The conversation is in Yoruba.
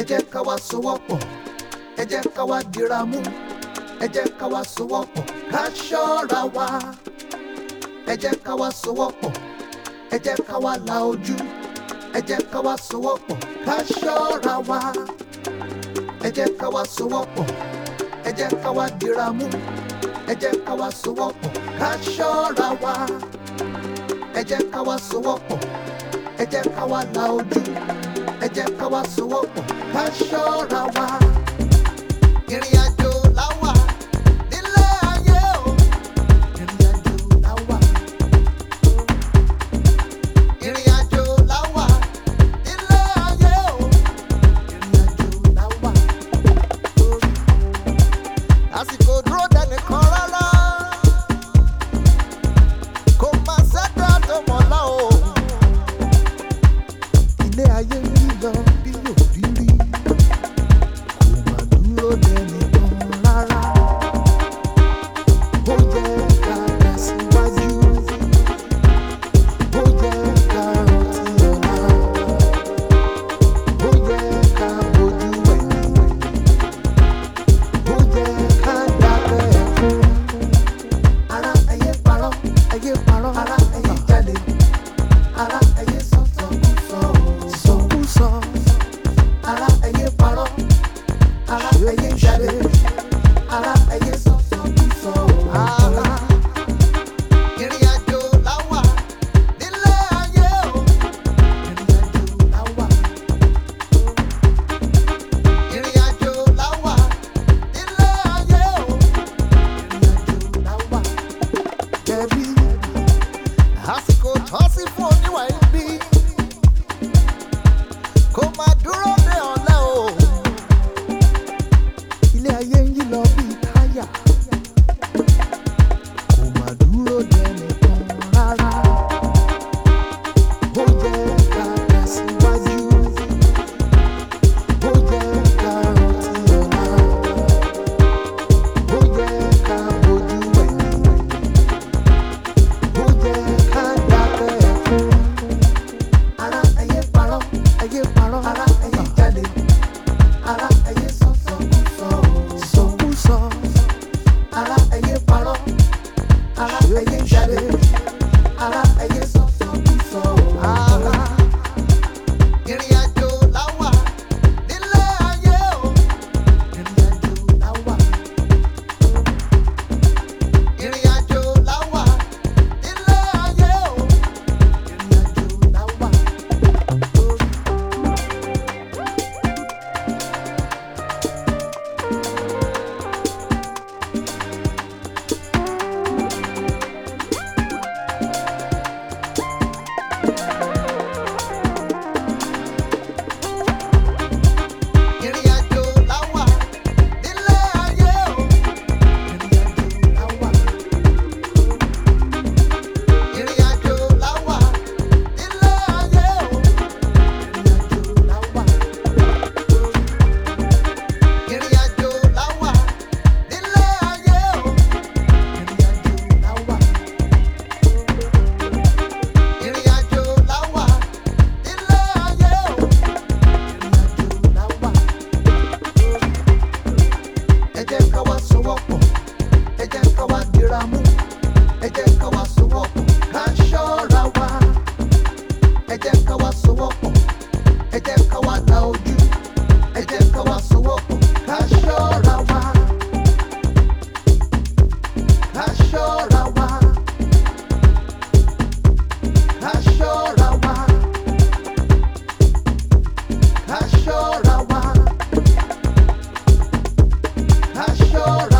ẹ jẹ́ ká wá sowọ́pọ̀ ẹ jẹ́ ká wá dira mú ẹ jẹ́ ká wá sowọ́pọ̀ ká ṣọ́ra wa ẹ jẹ́ ká wá sowọ́pọ̀ ẹ jẹ́ ká wá la ojú ẹ jẹ́ ká wá sowọ́pọ̀ ká ṣọ́ra wa ẹ jẹ́ ká wá sowọ́pọ̀ ẹ jẹ́ ká wá dira mú ẹ jẹ́ ká wá sowọ́pọ̀ ká ṣọ́ra wa ẹ jẹ́ ká wá sowọ́pọ̀ ẹ jẹ́ ká wá la ojú ẹ jẹ́ ká wá sowọ́pọ̀ ká ṣọ́ra wa ìrìn àjò. ilé ayé ń lọ bí òrìrì. I, la belleza. sure.